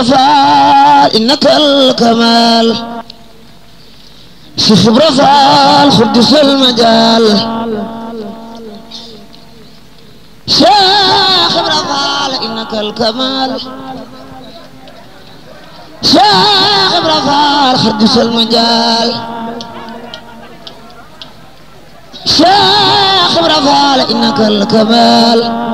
رفع إنك الكمال شوف برفع القدس المجال شيخ برفع إنك الكمال شيخ برفع القدس المجال شيخ برفع إنك الكمال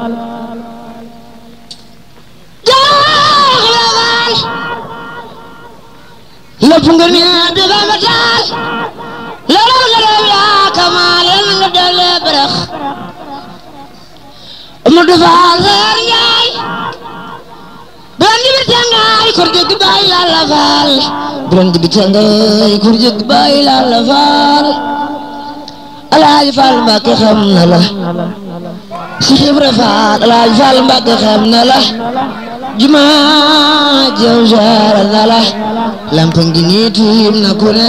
lépp ngir ñëw bi Bamba taas la raw la raw yaa kamaal yal na nga dellee berex mu dufaal seer njaay biran gi bir tengaay kur jëg baay Yàlla faal biran gi bir tengaay kur jëg baay Yàlla faal Alaaji Faal Mbàkke xam na la Cheikh Ibra Faal Alaaji Faal Mbàkke xam na la jumaa jëw jaral na la lampa ngi nii tiim na ku ne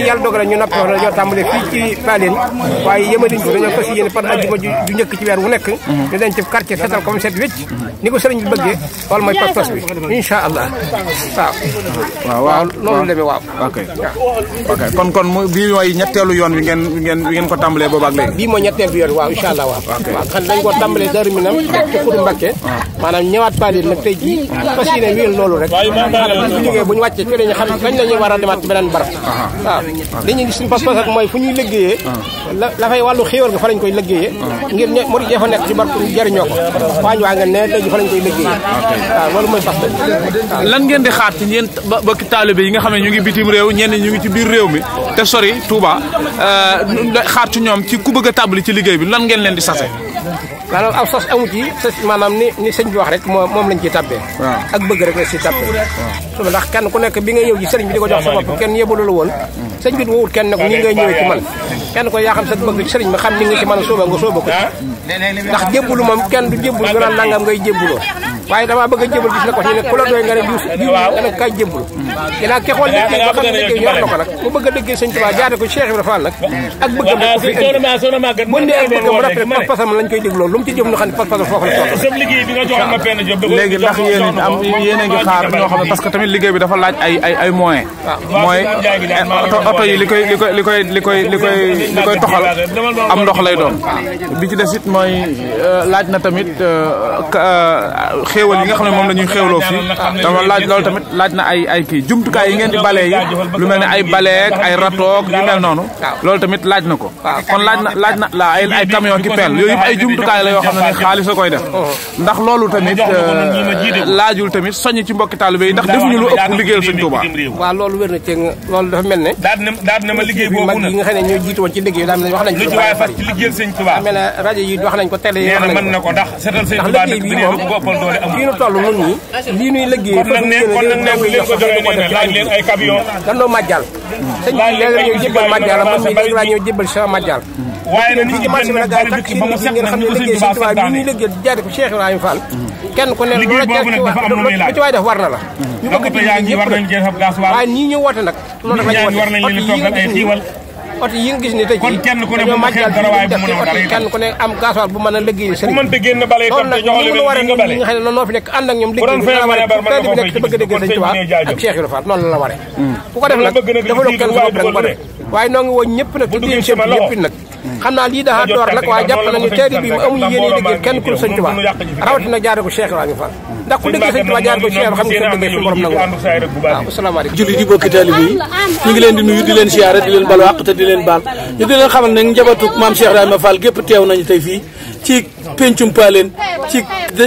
yàlla dogal ñu napp wax ñoo tàmbale fii ci Paline waaye yëmaliñ ko dañoo fas yéene par ajjuma ju njëkk ci weer wu nekk mhm. ñu dañ ci quartier setal comme set wécc ni ko sëriñ bi bi insha allah waaw waaw loolu demee waaw ok ok kon kon bii mooy ñetteelu yoon bi ngeen ngeen ngeen ko tàmbalee boobu ak léegi bii mooy ñetteelu yoon waaw insha allah waaw xam dañ ko tàmbalee Daaru Minam ci Xudu Mbàkke ah. maanaam ñëwaat Paline nag tey jii ah. fas yéene loolu rek bu ñu jógee ci dañu xam kañ la ñuy war a demaat waaw li ñu suñu pas-pas ak mooy fu ñuy liggéeyee la la fay wàllu xéewal nga fa lañ koy liggéeyee ah. ngir ñe murid yi fa nekk ci barku jëriñoo ko waañ waa nga ne léegi fa koy liggéeyee ah, ah, mooy pas lan ngeen di xaar ci yéen bokki taalibe yi nga xam ne ñu ngi bitim réew ñenn ñu ngi ci biir réew mi te sori Touba euh, xaar ci ñoom ci ku bëgg a ci liggéey bi lan ngeen leen di sase Lalu aw sos amu ci sos maanaam ni ni sëñ bi wax rek moom moom lañ ci tàbbee ak bëgg rek la si tàbbee su ndax kenn ku nekk bi nga ñëw ji sëriñ bi di jox sa bopp kenn yebalu la woon mm. sëñ bi wowut kenn nag ñi ngay ñëwee ci man kenn ko yaa xam sa bëgg bi xam ni nga ci nga ko ah? ndax kenn du nga nangam ngay waaye dama bëgg a jébal gis na ko ne ku la doy nga ne Diouf nga ne kaay jébal ginaa ke nag mu bëgg a dëggee sëñ Tuubaa jaare ko Cheikh Ibrahima Fall nag la toog léegi am yéen a ngi xaar ñoo xam ne parce que tamit liggéey bi dafa laaj ay ay ay oto yi li koy li koy li li koy li koy li koy toxal am ndox lay doon bi ci des it mooy euh, laaj na tamit euh, euh, xewal yi nga xamne mom lañuy xewlo fi xéewloo fii dama laaj lol tamit laaj na ay ay ki jumtu kay yi ngeen di bale yi lu melni ay balé ak ay ratoog yu mel nonu lol tamit laaj nako kon laaj na laaj na la ay ay camion ki pel yoy yëpp ay kay la yo xamne xaliss koy def ndax lolou tamit laajul tamit soñ ci mbokk talibé yi ndax defuñu lu ëpp liggéeyal sëñ touba wa lolou wér na ci lolou dafa melni daad na daad na ma liggéey boobu nag yi nga xamne ñoo jitu won ci liggéey daal wax nañ lu ci waaye fas ci liggéeyal sëñ touba mel radio yi wax nañ ko télé yi wax nañ ko ndax sétal sëñ touba nek bi ne bopal doole am fii nu toll nun ñi lii nuy liggéey kon leen ko joxee nee na laaj leen ay camion mm. dan doo màjjal mm. sëñ bi léegi la ñëw jébbal màjjal man mii léegi laa ñëw jébbal sa màjjal waaye nag nit ñi màcc na daal ko Cheikh Ibrahima Fall mm. kenn ku ne lu ci waay def war na la ñu bëgg a war nañ jël gasoil waaye ñii nag loolu dafa war nañ leen toogal oto yi nga gis ne tey kon kenn ku ne kenn ku ne am gasoil bu mën a liggéey sëriñ bu mën te génn bale itam te jox leen war a nga bale nga xam ne noonu noo fi nekk ànd ak nekk te bëgg a dégg sëriñ Tuubaa ak Cheikh Ibra Fall noonu la la waree mm. ku def nag dafa doon kenn soo danga ko waaye noo ngi woo ñëpp nag te di seen ñëpp nag xam naa lii daa door nag waaye jàpp nañu teeri bi mu amuñu yéen yi liggéey kenn ku sëñ Tuubaa rawatina jaare ko Cheikh Ibrahima Fall ndax ku liggéey xam nga soo liggéey suñu borom di bokki taalibe yi ngi leen di nuyu di leen siyaare di leen balu àq te leen baal ñu di xamal ne njabootu maam Cheikh Ibrahima Fall gépp teew nañu tey fii ci pencum paaleen ci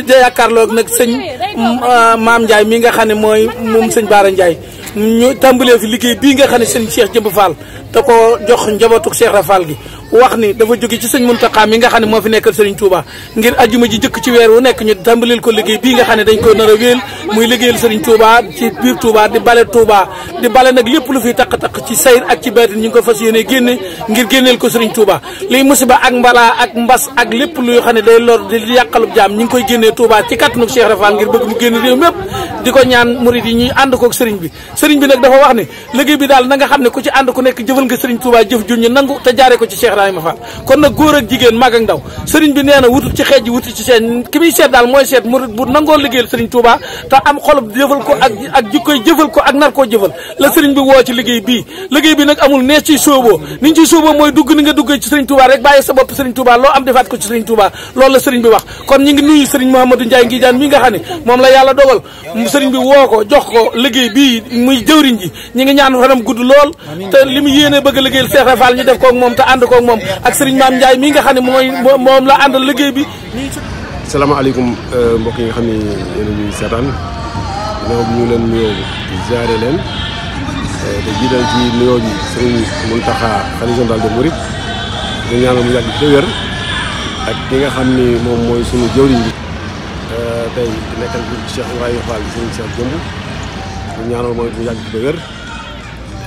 da yaakaarloo nag sëñ mm, ah, maam Ndiaye mi nga xam ne mooy moom sëñ Baara Ndiaye ñu tàmbalee fi liggéey bii nga xam ne sëñ Cheikh Jëmb Fall da ko jox njabootu Cheikh Rafal gi wax ni dafa jóge ci mun sëñ am mi nga xam ne moo fi nekkal Serigne Touba ngir ajuma ji jëkk ci weer wu nekk ñu tàmbaleel ko liggéey bii nga xam ne dañ ko nar a wéel muy liggéeyal Serigne Touba ci biir Touba di bale Touba di bale nag lépp lu fi taq-taq ci sayr ak ci baatin ñu ngi ko fas yéene génne ngir génneel ko Serigne Touba liy musiba ak mbalaa ak mbas ak lépp luy xam ne day lor di yàqalub jaam ñi ngi koy génnee Touba ci kattanu Cheikh ngir bëgg mu génn réew di ko ñaan murid yi ñuy ànd kook sëriñ bi sëriñ bi nag dafa wax ne liggéey bi daal nanga xam ne ku ci ànd ku nekk jëfal nga sëriñ Touba jëf ju ñu nangu te jaare ko ci Cheikh Rahima Fall kon nag góor nee na wutul ci xeej ji wutul ci seen daal mooy seet murid bu nangoo liggéeyal sëriñ Touba te am xolub jëfal ko ak ak jikkoy ko ak nar koo jëfal la sëriñ bi woo ci liggéey bi liggéey bi nag amul nees ci sóoboo ni ñu ci sóoboo mooy dugg ni nga duggee ci sëriñ Touba rek bàyyi sa bopp sëriñ Touba loo am defaat ko ci sëriñ Touba loolu la sëriñ bi wax kon ñi ngi nuyu sëriñ Mouhamadou Ndiaye nga xam ne moom la yàlla dogal sëriñ bi woo ko jox ko liggéey bi muy jëwriñ ji ñi ngi ñaan fanam gudd lool te li mu yéene bëgg a liggéeyal Cheikh Ibra Fall ñu def koog moom te ànd koog moom ak sëriñ Maam Ndiaye mii nga xam ne mooy moom la àndal liggéey bi salaamaaleykum euh, mbokk yi xam ne yéen a ñuy seetaan leen nuyoo bi leen euh, te ci nuyoo bi sëriñ Mountakha xalifa général des mu yàgg te ki nga xam ni moom mooy sunu jëwriñ bi tey nekkal bu Cheikh Ibrahima Fall sëñ Cheikh Jëmb ñu ñaanal mooy bu yàgg ba wér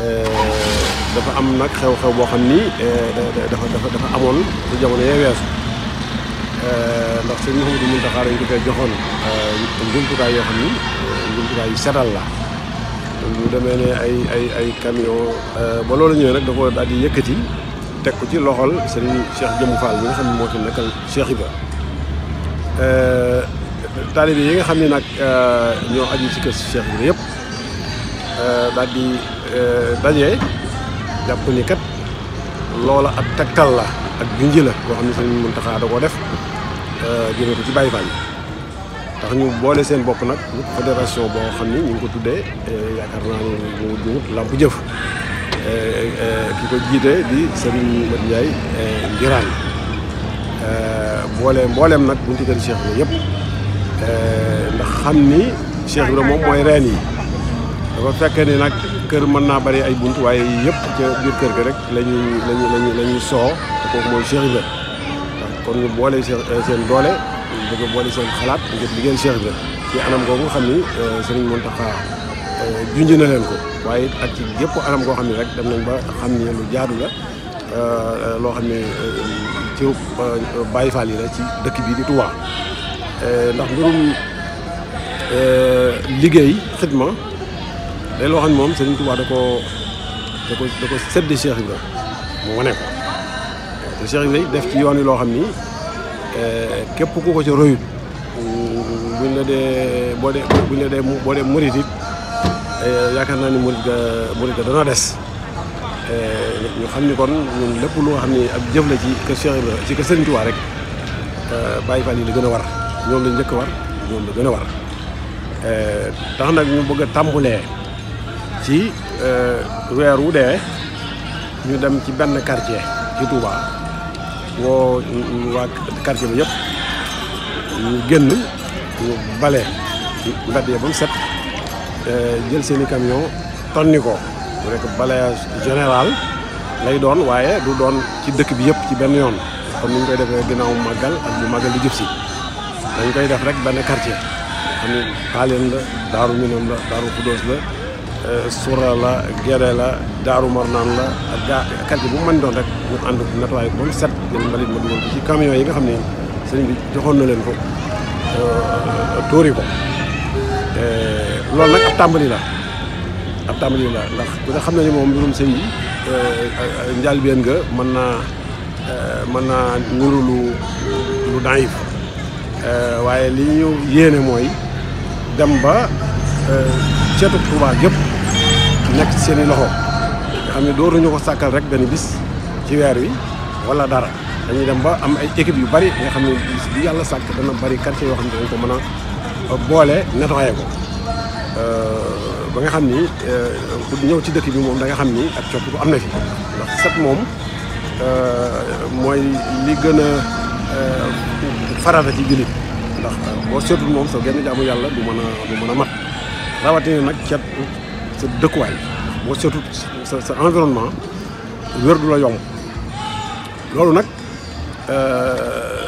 eh, dafa am nag xew-xew boo xam ni eh, dafa dafa dafa amoon ci jamono yee weesu eh, ndax sëñ Mouhamadou Mountakha joxoon njumtukaay yoo xam ni njumtukaay yu setal la ñu demee ne ay ay ay camion ba loolu ñëwee nag da ko daal teg ko ci loxol sëñ Cheikh Jëmb Fall bi nga xam ne moo ci nekkal Cheikh Ibrahima taalibe yi nga xam ne nag euh, ñoo aju ci kër Cheikh Ibra yëpp euh, daal di euh, daje jàpp ni kat loola ak tegtal la ak junj la boo xam ne Sëriñ Muntaxa da koo def jëmee ci Baye Fall tax ñu boole seen bopp nag fédération boo xam ni ñu ngi ko tuddee yaakaar naa ne mu juut làmp jëf ki ko jiite di Serigne Mate Ndiaye Ngiraan boole mbooleem nag bunti kër Cheikh yëpp. Eh, ndax xam ni Cheikh Ibrahima moom mooy reen yi dafa fekkee ni nag kër mën naa bari ay bunt waaye yëpp ca biir kër ga rek la ñuy la ñuy la ñuy soo te kooku mooy Cheikh kon ñu boole seen eh, doole bëgg a boole seen xalaat ngir liggéeyal Cheikh Ibrahima ci anam googu xam ni eh, Serigne Mountakha junj na leen ko waaye ak ci yëpp anam goo xam ni rek dem nañ ba xam ni lu jaadu la loo xam ne ci Baye Fall yi la ci dëkk bii di Touba. Euh, ndax mbirum euh, liggéey xidma day loo xam ne moom Sëriñ Tuubaa da ko da ko da ko seddi Cheikh Ibra mu wane ko te Cheikh def ci yoon yi loo xam ni euh, képp ku ko ci royut buñ la dee boo dee buñ la dee boo dee murit it yaakaar naa ni murit ga murit ga dana des ñu xam ni kon ñun lépp lu nga xam ni ak jëf la ci kër Cheikh Ibra ci kër rek bàyyi Fall yi la gën a war ñoom la njëkk war ñoom la gën a war euh, tax nag ñu bëgg a tàmbulee ci euh, weer wu dee ñu dem ci benn quartier ci Touba woo waa quartier bi yëpp ñu génn ñu bale mbedd ya ba mu set euh, jël seeni i camion tonni ko mu nekk général lay doon waaye du doon ci dëkk bi yëpp ci benn yoon comme ni ñu koy defee ginnaaw màggal ak bu màggal di jub si dañ koy def rek benn quartier xam ne Paaleen la Daaru Minam la Daaru Xudóos la euh, Sura la Gere la Daaru Marnaan la ak gaa quartier bu mu mën doon rek ñu ànd nettoyé ko ba mu set jël mbalit ma dugal ko yi nga xam ne sëriñ bi joxoon na leen ko euh, nag tàmbali la ab la ndax xam ne ni moom mbirum sëñ bi euh, njàlbeen mën naa mën naa nuru lu Euh, waaye li ñu yéene mooy dem ba euh, ceetu Touba gépp nekk ci seen i loxo nga xam ne dootuñu ko sàkkal rek benn bis ci weer wi wala dara dañuy dem ba am ay équipe yu bari nga xam ne yàlla sàkk dana bari quartier yoo xam ne dañ ko mën a euh, boole nettoyé ko ba nga xam ni ku ñëw ci dëkk bi moom da xam ni ak coppiku am na fi ndax set moom mooy li gën a Euh, farata ci jullit ndax euh, boo seetul moom sa genn jaamu yàlla bu mën a du mën a mat rawatina nag cet sa dëkkuwaay boo seetul sa sa environnement wér du la yomb loolu nag euh,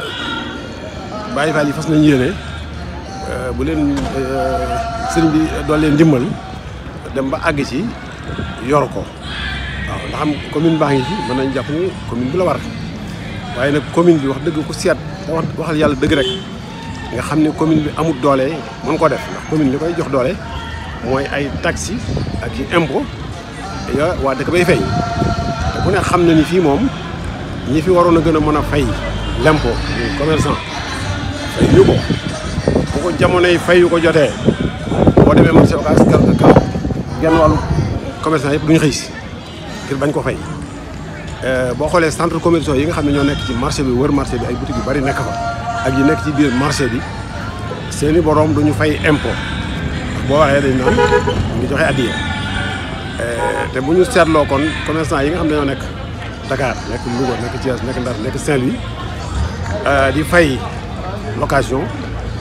Baay yi fas nañ yéene bu leen si bi doon leen ndimbal dem ba àgg ci yor ko waaw ndax commune baax ngi ci mën nañ jàpp ni commune bi la war waaye nag commune bi wax dëgg ku seet te wax waxal yàlla dëgg rek nga xam ne commune bi amul doole mën ko def ndax commune li koy jox doole mooy ay taxi ak i impôt yooyu waa dëkk bay fay te ku ne xam na ni fii moom ñi fi waroon a gën a mën a fay l'impôt muy commerçant fay yu ko bu ko jamonoy fay yu ko jotee boo demee marché Ocass genn wàllu commerçant yëpp duñu xëy ngir bañ ko fay Euh, boo xoolee centre commerciaux yi nga xam ne ñoo nekk ci marché bi wër marché bi ay boutique yu bari nekk fa ak yi nekk ci biir marché bi seeni boroom du ñu fay impôt boo waxee dañ naan ñu joxe addiya euh, te bu ñu seetloo kon commerçant yi nga xam ne ñoo nekk Dakar nekk Louga nekk Thiès nekk Ndar nekk Saint-Louis euh, di fay location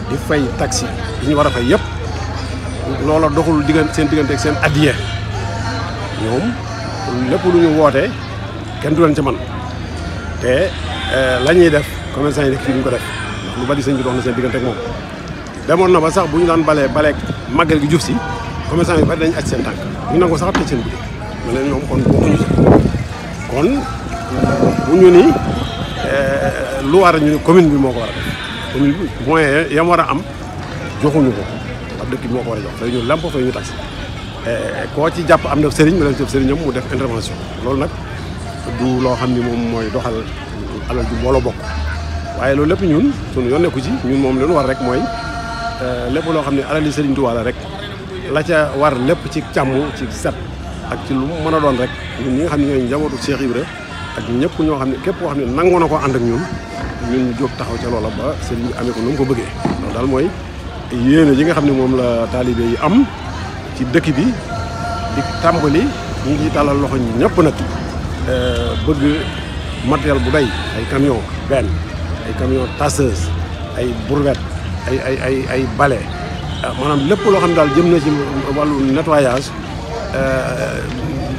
di fay taxi yi ñu war a fay yëpp loola doxul diggante seen diggante ak seen addiya ñoom lépp lu ñu wootee kenn du leen ci man te euh, la ñuy def commerçant yi def fii ñu ko def ndax lu bari sëñ bi dox na seen diggante ak moom demoon na ba sax bu ñu daan balee balee màggal gi jub si commerçant yi bari dañu aj seen tànk ñu nangu sax tëj seen boutique ma leen ñoom bu ñu ni euh, lu war ñu ni commune bi moo ko war a def commune war am joxuñu ko ab dëkk bi moo ko a jox fay ñu lamp fay ñu tax euh, koo ci jàpp am na sëriñ ma leen sëriñam mu def intervention loolu nag du loo xam ni moom mooy doxal alal ju mbooloo bokk waaye loolu lépp ñun suñu yoon nekku ci ñun moom leen war rek mooy euh, lépp loo xam ne alali Sëriñ Tuubaa la rek la ca war lépp ci càmm ci set ak ci lu mën a doon rek ñun ñi nga xam ne ñooy njabootu Cheikh Ibra ak ñëpp ñoo xam ne képp koo xam ne nangoo na ko ànd ak ñun ñu jóg taxaw ca loola ba sëriñ bi amee ko nu mu ko bëggee loolu daal mooy yéene yi nga xam ne moom la taalibe yi am ci dëkk bi di tàmbali ñu ngi tàllal loxo ñëpp nag Euh, bëgg matériel bu doy ay camion benn ay camion tasseuse ay bourvette ay ay ay ay balais euh, maanaam lépp loo xam ne daal jëm na ci wàllu nettoyage euh,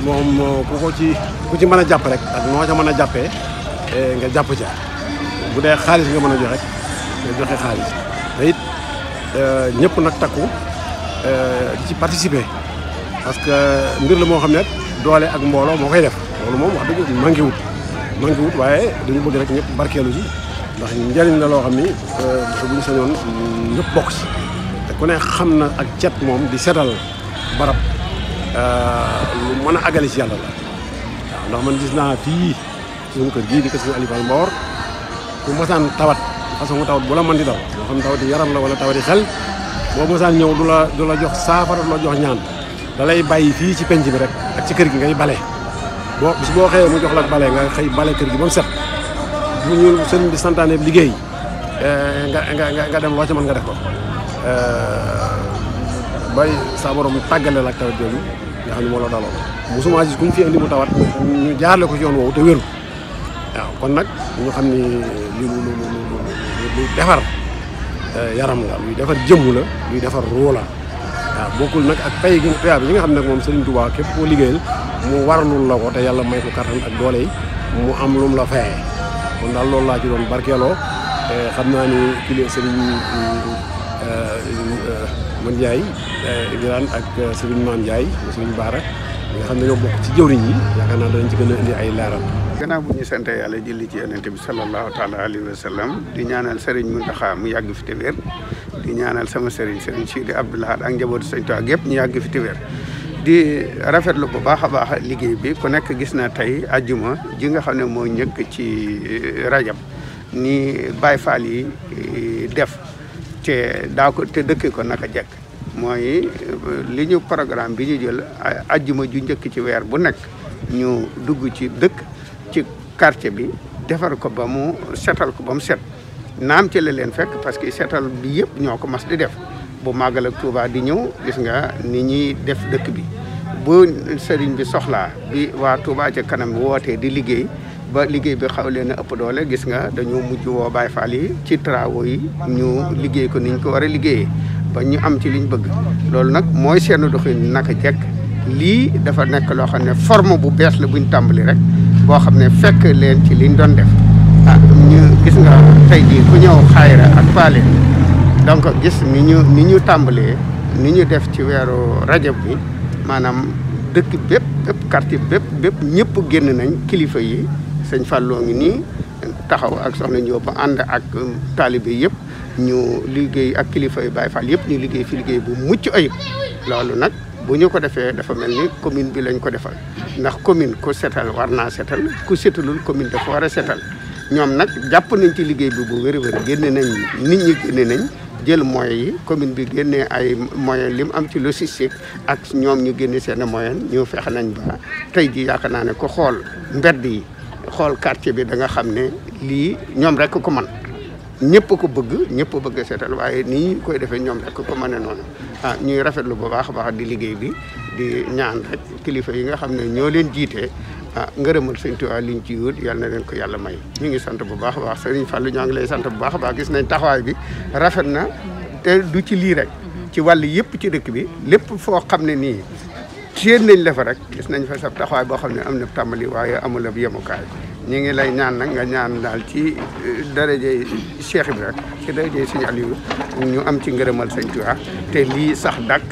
moom ku ko ci ku ci mën a jàpp rek ak noo ca mën a jàppee eh, nga jàpp ca bu dee xaalis nga mën a joxe nga joxe xaalis te it ñëpp nag takku di ci participer parce que mbir la moo xam ne doole ak mbooloo moo koy def loolu moom wax dëgg manqué wut manqué wut waaye dañu bëgg rek ñëpp barkeelu ci ndax njëriñ la loo xam ni euh, bu sañoon ñëpp bokk ci te ku ne xam ak di setal barab euh, lu ci la ndax man gis kër di kër suñu alifal mboor ku tawat façon tawat bu la mën di xam tawat yaram la wala tawat yi xel boo mosaan ñëw du la du la jox saafara du la jox ñaan da lay ci bi rek ak ci kër gi ngay boo bis bo xëyee mu jox la balé nga xey balé kër gi ba mu set bu ñu sëñ bi santaane liggéey eh, nga nga nga dem loo man nga def ko eh, bay sa borom tàggale la taw tawat nga xam ne moo la daloon mosuma gis kuñ fi indi mu tawat ñu la ko ci yoon wo te wëru waaw kon nak ñu xam ni li lu lu lu defar eh, yaram nga muy defar jëm la muy defar ruu la waaw bokkul nag ak pay gi paya bi nga xam nak mom Serigne Touba kep ko liggéeyal mu lu la ko te yàlla may ko kattan ak doole yi mu am lum la fayee kon daal loolu laa ci doon barkeeloo te xam naa ni kii sëriñ euh, euh, man Ndiaye euh, Birane ak sëriñ Maam Ndiaye sëriñ Baara nga xam ne ñoo bokk ci yi yaakaar naa danañ gën a indi ay leeral. gannaaw bu ñu sant yàlla julli ci yonent bi sallallahu taala alayhi wa sallam di ñaanal sëriñ Mountakha mu yàgg fi te wér di ñaanal sama sëriñ sëriñ Sidi Abdoul Ahad ak njabootu sëriñ Tuubaa yëpp ñu yàgg fi te wér di rafetlu bu baax a baax liggéey bi ku nekk gis na tey ajjuma ji nga xam ne mooy njëkk ci eh, rajab ni Baay yi eh, def te daa ko te dëkkee ko naka jekk mooy eh, li ñu programme bi ñu jël ajjuma ju njëkk ci weer bu nekk ñu dugg ci dëkk ci quartier bi defar ko ba mu setal ko ba mu set naam ci la leen fekk parce que setal bi yëpp ñoo ko mas di def bu magal ak Touba di ñew gis nga ni ñi def dekk bi bu serigne bi soxla bi wa Touba ci kanam wote di liggey ba liggey bi xaw leen ëpp doole gis nga dañu mujj wo bay Fall yi ci travaux yi ñu liggey ko niñ ko wara liggey ba ñu am ci liñ bëgg loolu nak moy seenu doxin naka jek li dafa nek lo xam forme bu bes la buñ tambali rek bo xam fekk leen ci liñ doon def ah ñu gis nga tay di ku ñew xayra ak paale donc gis ni ñu ni ñu tambalé ni ñu def ci weeru rajab bi manam dëkk bëpp bëpp quartier bëpp bëpp ñëpp génn nañ kilifa yi señ fallo ngi ni taxaw ak soxna ba and ak talibé yëpp ñu liggéey ak kilifa yi bay Fall yëpp ñu liggéey fi liggéey bu mucc ayib loolu nak bu ñu ko défé dafa melni ni commune bi lañ ko défal ndax commune ko sétal warna sétal ku sétalul commune dafa wara sétal ñom nak japp nañ ci liggéey bi bu wër wër génne nañ nit ñi génne nañ jël moyens yi commune bi génnee ay moyens li mu am ci logistique ak ñoom ñu génne seen moyens ñu fexe nañ ba tey ji yaakaar naa ne ko xool mbedd yi xool quartier bi da nga xam ne lii ñoom rek ko man ñëpp ko bëgg ñëpp bëgg seetal waaye ni koy defee ñoom rek ko mën ne noonu ah ñuy rafetlu bu baax a baax di liggéey bi di ñaan rek kilifa yi nga xam ne ñoo leen jiite ah ngërëmal sëñ Tuubaa liñ ci wut yal na leen ko yàlla may ñu ngi sant bu baax a baax sëriñ Fallou ñoo ngi lay sant bu baax a baax gis nañ taxawaay bi rafet na te du ci lii rek mhm. ci wàll yëpp ci dëkk bi lépp foo xam ne nii séen nañ la fa rek gis nañ fa sa taxawaay boo xam ne am na tàmbali waaye amul bu yemukaay ñu ngi lay ñaan nag nga ñaan daal ci eh, daraje Cheikh bi rek ci si Sëñ Aliou ñu am ci ngërëmal sëñ Tuubaa te lii sax dàkk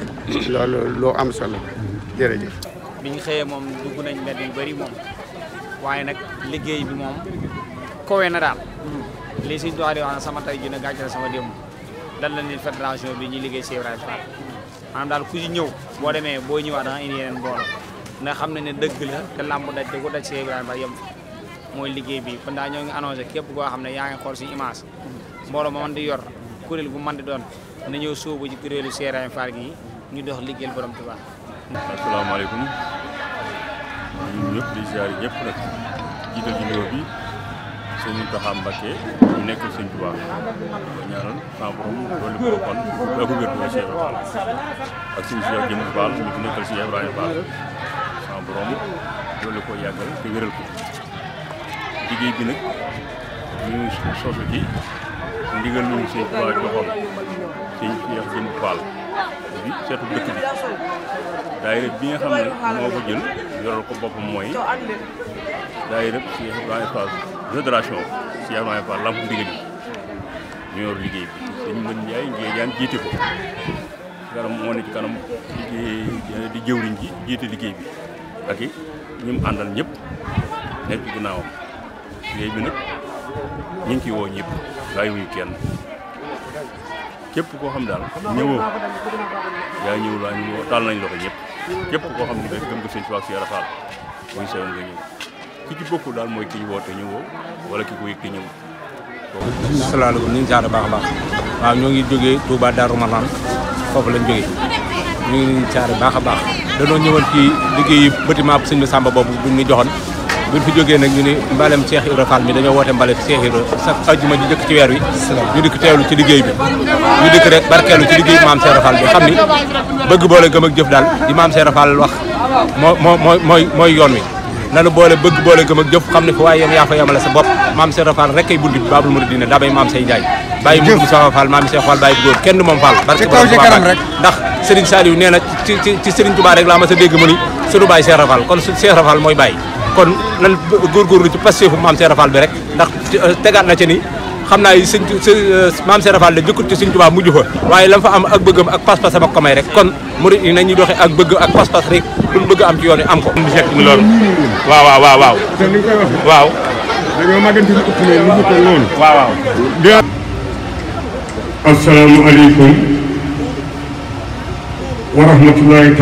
loolu loo am solo jërëjëf bi ñu xëyee moom dugg nañ mbedd yu bëri moom waaye nag liggéey bi moom kowe na daal lii suñ doxaa di wax na sama tay ji na gàcce la sama démb dal la nit fédération bi ñuy liggéey si Ibrahima Fall hmm. daal ku ci ñëw boo demee boo ñëwaat da nga indi yeneen mbooloo xam ne ne dëgg la te làmb daj te ku daj si Ibrahima Fall yem mooy liggéey bi kon daal ñoo ngi annoncé képp koo xam ne yaa ngi xool si image hmm. mbooloo ma mën di yor kuréel bu mën di doon na ñëw sóobu ci kuréelu Ibrahima Fall gi ñu dox liggéeyal borom Tuubaa Assalamualaikum. ñun ñëpp di ziar ñëpp nag jiital ci nuyoo bi sëñ Mountakha Mbacké ñu nekk sëñ Touba ko ñaanal sama borom dolli ko kon ak wér bu Cheikh ak sëñ Cheikh Jëm Fall ñu fi nekkal Cheikh Ibrahima Fall sama borom dolli ko yàggal te wéral ko liggéey bi ñu ci ndigal ñu Jëm bi seetu dëkk bi daayira bi nga xam ne moo ko jël yoral ko boppam mooy daayira Cheikh Ibrahima Fall fédération Cheikh Ibrahima Fall lamp ndigal ñu yor liggéey bi dañu mën njaay njeejaan jiite ko kanam moo ne ci kanam di jëwriñ ji jiite liggéey bi ak i ñu mu àndal ñëpp nekk ci ginnaawam liggéey bi nag ñu woo ñëpp bàyyiwuñu kenn képp koo xam daal ñëwoo yaa ñëwul waa ñu tal nañ loxo ñëpp képp koo xam ne gëm ko seen tubaab si yàlla faal muy seen nga ñëw ki ci bokkul daal mooy ki ñu woote ñëwoo wala ki ko yëg te ñëw salaamaaleykum ñu ngi jaar baax baax waaw ñoo ngi jógee Touba Darou Marnane foofu lañ jógee ñu ngi jaar baax a baax danoo ñëwoon ci liggéey bâtiment sëñ bi Samba boobu buñ ñu joxoon buñ fi jógee nag ñu ni mbalem Cheikh Ibra Fall mi dañoo woote mbalem Cheikh Ibra sax ajjuma ji jëkk ci weer wi ñu dikk teewlu ci liggéey bi ñu dikk rek barkeelu ci liggéey maam Cheikh Ibra Fall bi xam ni bëgg boole gëm ak jëf daal di maam Cheikh Ibra Fall wax moo moo mooy mooy mooy yoon wi nanu boole bëgg boole gëm ak jëf xam ne fu waaye yem yaa fa yemale sa bopp maam Cheikh Ibra Fall rek kay bundi Babul Mouridina daa bay maam say Njaay bàyyi mu Musaa Fall maam Cheikh Fall bàyyi góor kenn du moom Fall parce que ndax Serigne Saliou nee na ci Serigne Touba rek laa ma sa dégg mu ni sunu bàyyi Cheikh Ibra Fall kon Cheikh Ibra Fall mooy bàyyi kon nan góorgóorlu ci pastéefu maam Cheikh Rafal bi rek ndax euh, tegaat na ci ni xam naa yi sëñ euh, maam Cheikh Rafal la ci sëñ Tuubaa mujj fa waaye lam fa am ak bëggam ak pas-pasam ak ko rek kon murid yi nañuy doxe ak bëgg ak pas-pas rek lu bëgg am ci yoon yi am ko mi loolu waaw waaw waaw waaw waaw dañoo màggante lu ëpp mais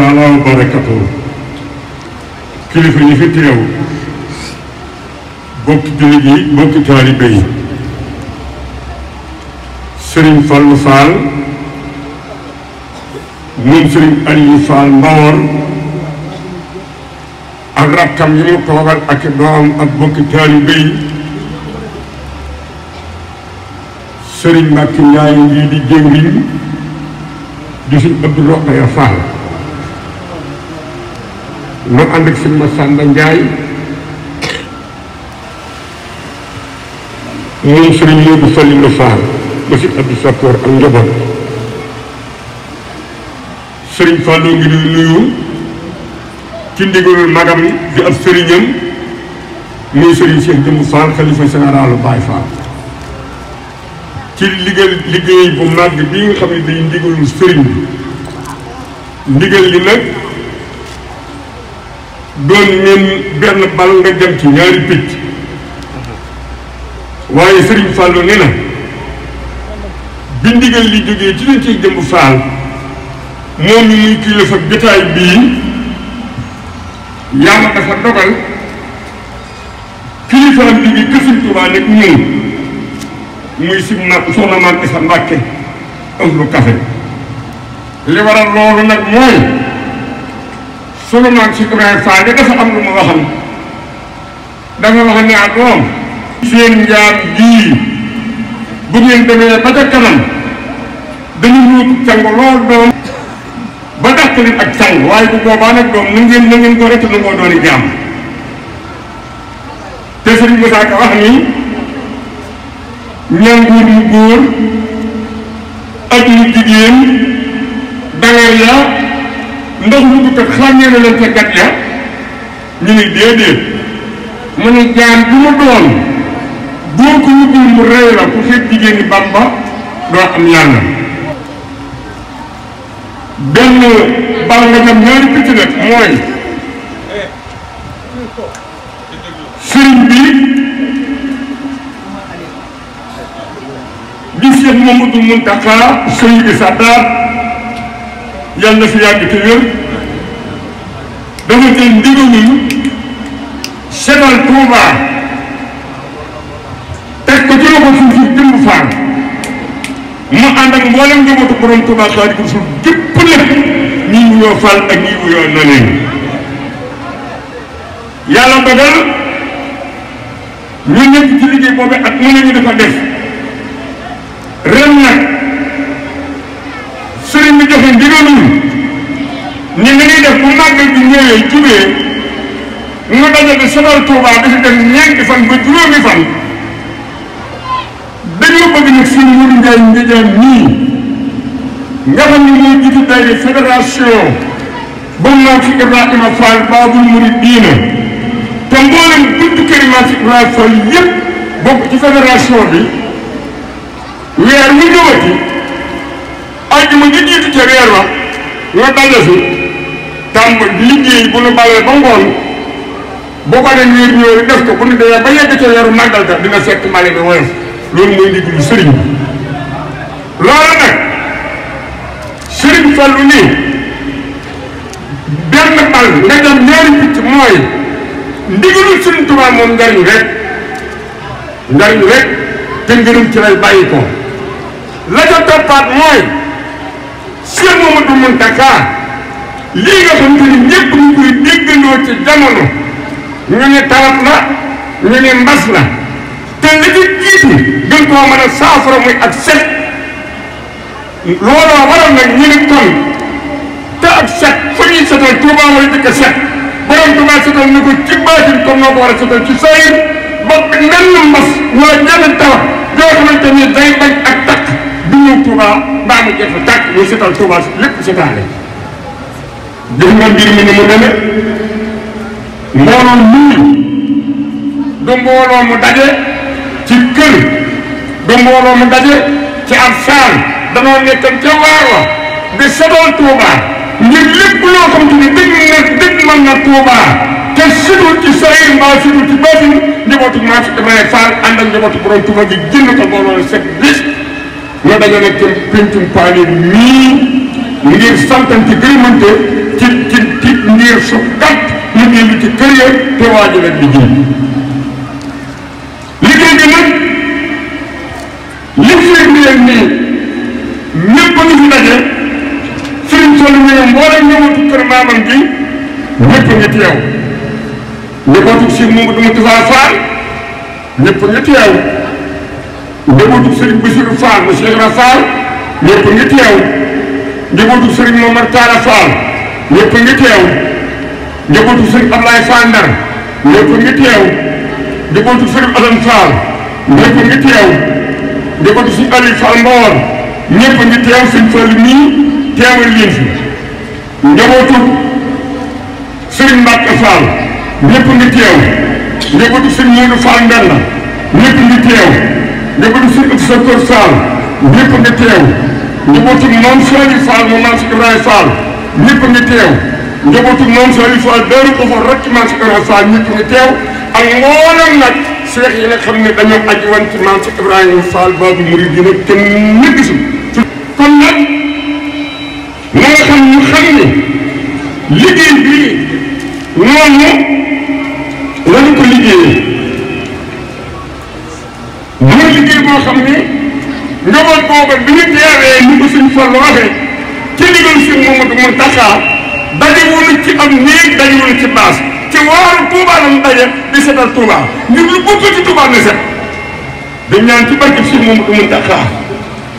ñu wa kilifa yi fi teew bokki jullit yi bokki taalibe sëriñ Fallu Fall moom sëriñ Aliou Fall ak rakkam yi mu toogal ak doom ak bokki taalibe yi sëriñ Mbàkke Njaay ngi di jéngiñ di suñ Abdou Rokhaya Fall ma ànd ak sëñ Masamba Njaay ñun sëriñ yóbbu Fallou la Fall ba si ak njaboot sëriñ Fallou ngi nuyu nuyu ci ndigalul magam di ab sëriñam muy sëriñ Cheikh Jëmb Fall xalifa généralu Baye Fall ci liggéey liggéey bu màgg bi nga xam ne day ndigalul sëriñ bi ndigal li nag doon leen benn bal nga jëm ci ñaari picc waaye Serigne Fallou nee na bi li jógee ci ciy jëmb Fall moom mi muy kilifa bi kër Serigne Touba nag muy si ma soxna Maam Isa Mbàkke ëf kafe li waral loolu nag mooy sunu maam si Ibrahima Fall dafa am lu mu waxam dafa wax ne ah doom seen njaam gii bu ngeen demee ba ca kanam dañu muut sang ba dàqali ak sang waaye bu boobaa nag doom na ngeen na ngeen ko rek na ngoo dooni jaam te Sëriñ Moussa Ka wax ni ñanguur mu góor ak mu jigéen dangar ya ndax mu ngi kat xàmmee na leen ca ya ñu ne déedéet mu ne jaan bu doon dóor ko ñu dóor mu rey la ku fekk jigéen ñi doo am yàlla benn bal nga dem ñaari picc nag mooy sëriñ bi gis ngeen Mamadou Mountakha sëriñ bi sa daat yàlla na fi yàgg te wér dafa jël ndigalul sebal Touba teg ko ci loxo suuf si dimb mu ànd ak mboolem njabootu borom Touba Xaadimu Rasuul gépp lépp ñi wuyoo Fall ak ñi wuyoo na leen yàlla dogal ñu nekk ci liggéey boobu ak mu ne ñu dafa def defin bi nga nii ni ni ñuy def bu màggal bi ñëwee jubee nga daje di sobal Touba dafa def ñeenti fan ba juróomi fan dañoo bëgg nag suñu Mourou Ndiaye Ndiédiène nii nga xam ne mooy jiitu daje fédération ba maam fi Ibrahima Fall Babul Mouridina te mboolem buntu kër yi maam fi Ibrahima Fall yëpp bokk ci fédération bi weer wi ñëwati. ajjuma nga jiitu ca weer wa nga daje fi tàmm liggéey bu nu balee ba ngoon bu ko dee ñëw ñëw def ko bu nu demee ba yegg ca weeru màggal ga dina fekk male bi woyof loolu mooy ndigalu sëriñ bi loolu nag sëriñ Fallu nii benn bal nga dem ñaari picc mooy ndigalu sëriñ Tuubaa moom njariñ rek njariñ rek te ci lay bàyyi ko la ca toppaat mooy Cheikh Mamadou Mountakha lii nga xam ne ñëpp ñu koy déggandoo ci jamono ñu ne tawat la ñu ne mbas la te li ci jiitu gën koo mën a saafara muy ak set looloo waral nag ñu ne kon te ak set fu ñuy setal Touba wala dëkk set borom Touba setal na ko ci baatin comme noo ko war a setal ci sayir ba benn mbas wala ñaari taw yoo xamante ni day bañ ak takk du ñëw Touba mbaa mu jeex fa tàkk muy setal Touba lépp setaale gis nga mbir mi ci kër du mbooloo mu ci ab saal danoo nekkan ca waar wa di setal Touba ngir lépp loo xamante ni dëgg na dëgg mën na Touba te sidul ci Sëriñ maa sidul ci baatin njabootu maa si Ibrahima Fall ànd ak njabootu borom Tuuba gi jënd ko mbooloo set bis ñoo dañoo nekk ci pencum Paaleen nii ngir santante gërëmante ci ci ci ngir su gàtt liggéey bi li firndeel nii ñëpp a ngi fi daje Sëriñ Fallu ñu ne mboolem njabootu kër maamam gi ñëpp a ngi teew njabootu Sëriñ Mamadou Moustapha Fall ñëpp nga teew njabootu Sëriñ Bassirou Fall mu Cheikh Ibra Fall ñëpp nga teew njabootu Sëriñ Momar Talla Fall ñëpp nga teew njabootu Sëriñ Ablaye Fall Ndar ñëpp nga teew njabootu Sëriñ Alam Fall ñëpp nga teew njabootu Sëriñ Aliou Fall Mbawar ñëpp nga teew Sëriñ Fall nii teewal leen fi njabootu Sëriñ Mbacke Fall ñëpp ngi teew njabootu sëñ Moodu Fall Mbella ñëpp ngi teew njabootu sëñ Abdou Sakor Fall ñëpp ngi teew njabootu Mame Saliou Fall mu Mame Ibrahima Fall ñëpp ngi teew njabootu Mame Saliou Fall Daaru Kofo rek Mame Ibrahima Fall ñëpp ngi teew ak mboolem nag seex yi nga xam ne dañoo aju woon ci Mame Ibrahima Fall baabu murid yi nag kenn nit gisul kon nag na nga xam ñu xam ne liggéey bii noonu lañu ko liggéeyee mooy liggéey boo xam ne njaboot booba bi ñu teewee ni ko suñ Fallu waxee ci ndigal si Mamadou Mountakha dajewuñu ci am néeg dajewuñu ci baas ci waaru Touba lañ daje di setal Touba ngir lu bokk ci Touba na set dañ ñaan ci barke si Mamadou Mountakha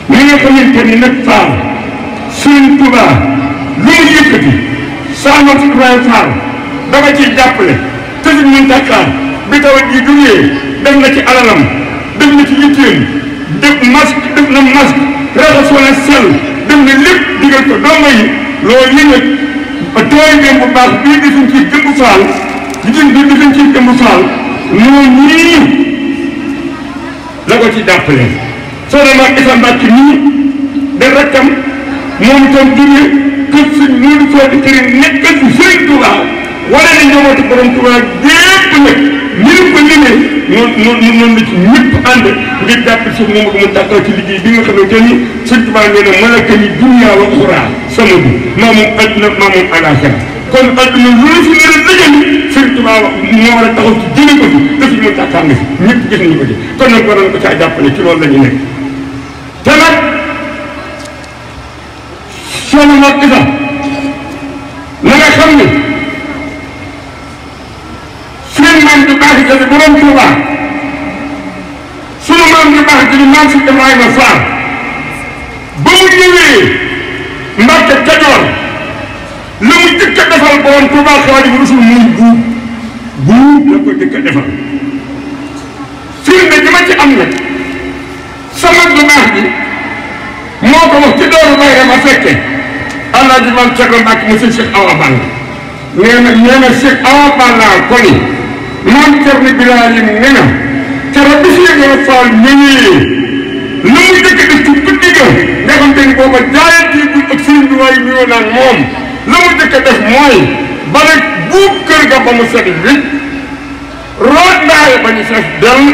mi nga xamante ni nag Fall suñ Touba lu mu yëkkati Saalum Ibrahima Fall dama ciy jàppale te si ñun takkaan bi tawat ji duggee def na ci alalam def na ci yitteem def masque def na masque raxas wala sel def na lépp digal ko dooma yi loolu yi nag tooy bi bu baax bii di ci gëmbu faal jigéen bii di suñ ci gëmbu faal moo ñii la ko ci jàppale soo demaa isa mbàcc nii de rakkam moom itam jóge kër suñ loolu soo di këri nekk si sëriñ Tuubaa wane ne njabootu borom Tuubaa gépp nag ñu ko limee noonu noonu la ci ñëpp ànd ngir jàpp si moom mu tàggal ci liggéey bi nga xamante ni sëñ Tuubaa nee na malaka ni dunya wa uxra sama bi maa moom àdduna kon a dajale sëñ Tuubaa wax moo war a taxaw ci jële ko fi daf ñu mën tàkkaar na ko ci kon a waroon ko caa jàppale ci loolu la ñu nekk te nag soo ma nag la xam ne maam ju baax ji borom Touba sunu maam ju baax ji maam si Ibrahima Fall ba mu ñëwee Mbàkke Kajoor la mu jëkk a defal borom Touba Xaadimu Rasuul muy buub buub la ko jëkk a defal firnde ji ma ci am nag sa mag baax ji moo ko wax ci dooru bayre ma fekke Alaaji Maam Cerno Mbàkke mu sëñ Cheikh Awa Balla nee na nee na Cheikh Awa Balla ko ni maam Thierno Birahim nee na ca la bis yëngal Fall ñëwee lu mu dëkk def ci guddi ga nga xam te ni booba jaayante bu ak Serigne Touba yi nuyoo naan moom lu mu dëkk def kër ga ba mu set wicc root ndaale ba ñu fees dell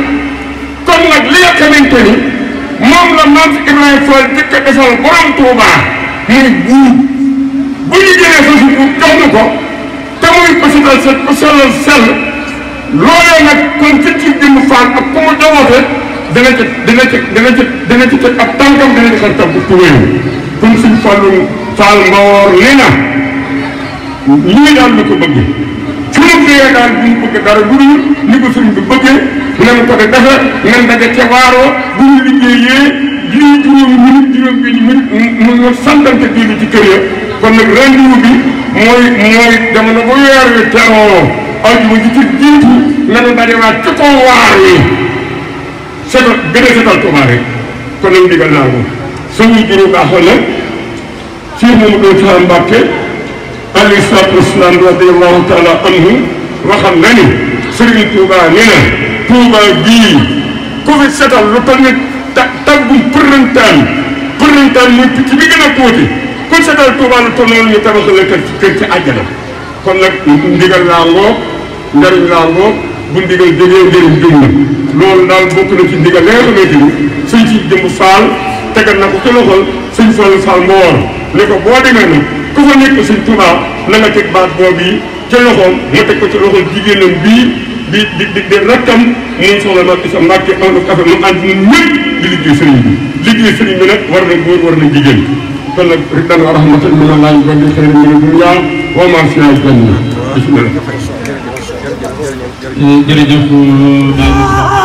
kon nag li nga xamante ni moom la maam si Ibrahima Fall dëkk defal borom Touba muy buub bu ñu jëlee fa si buub jox na ko te muy ko setal set ko sellal sell loolee nag kon ci ci jëmm faal ak ku mu jomoote dana ci dana ci dana ci dana ci teg ab tànkam dana ci xar tànku tuwéew kon suñ fàllu faal mbawoor nee na lii daal lu ko bëgg suñu fiyee daal bu ñu bëgg dara lu dul ni ko suñ bi bëggee nan ko defe nan daga ca waaroo bu liggéeyee juróomi minute juróom bi minute mu santante diini ci kër ya kon nag rendez bi mooy mooy dama na ba weer wi teroo ajuma ji ci jiitu nanu dajewaat wi setal gën a setal Tuubaa rek kon nag digal naa ko suñu juru baaxoon nag ci moom doo taa Mbàkke aleyhi ku fi setal lu toll ni ta tàggum përëntaan bi gën a tuuti ku setal Tuubaa lu toll noonu ñu tabaxal la kër ci kër ci àjjana kon nag ndigal njariñ laa moom bu ndigal jógee njariñ jóg na loolu daal bokk na ci ndigal leer nga ci suñ ci jëmb faal tegal na ko ci loxol suñ faal faal moo war ne ko boo demee nag ku fa nekk suñ tubaab na a teg baat boobu yi ci loxoom mu teg ko ci loxol jigéenam bii di di di rakkam moom soxla ma sa mbàkke am na café mu ànd ñun ñëpp di liggéey sëriñ bi liggéey sëriñ bi nag war na góor war na jigéen kon nag dana rahmatan mina laahi wa min xayrin mina dunya wa ma fiha janna Jadi jërëjëf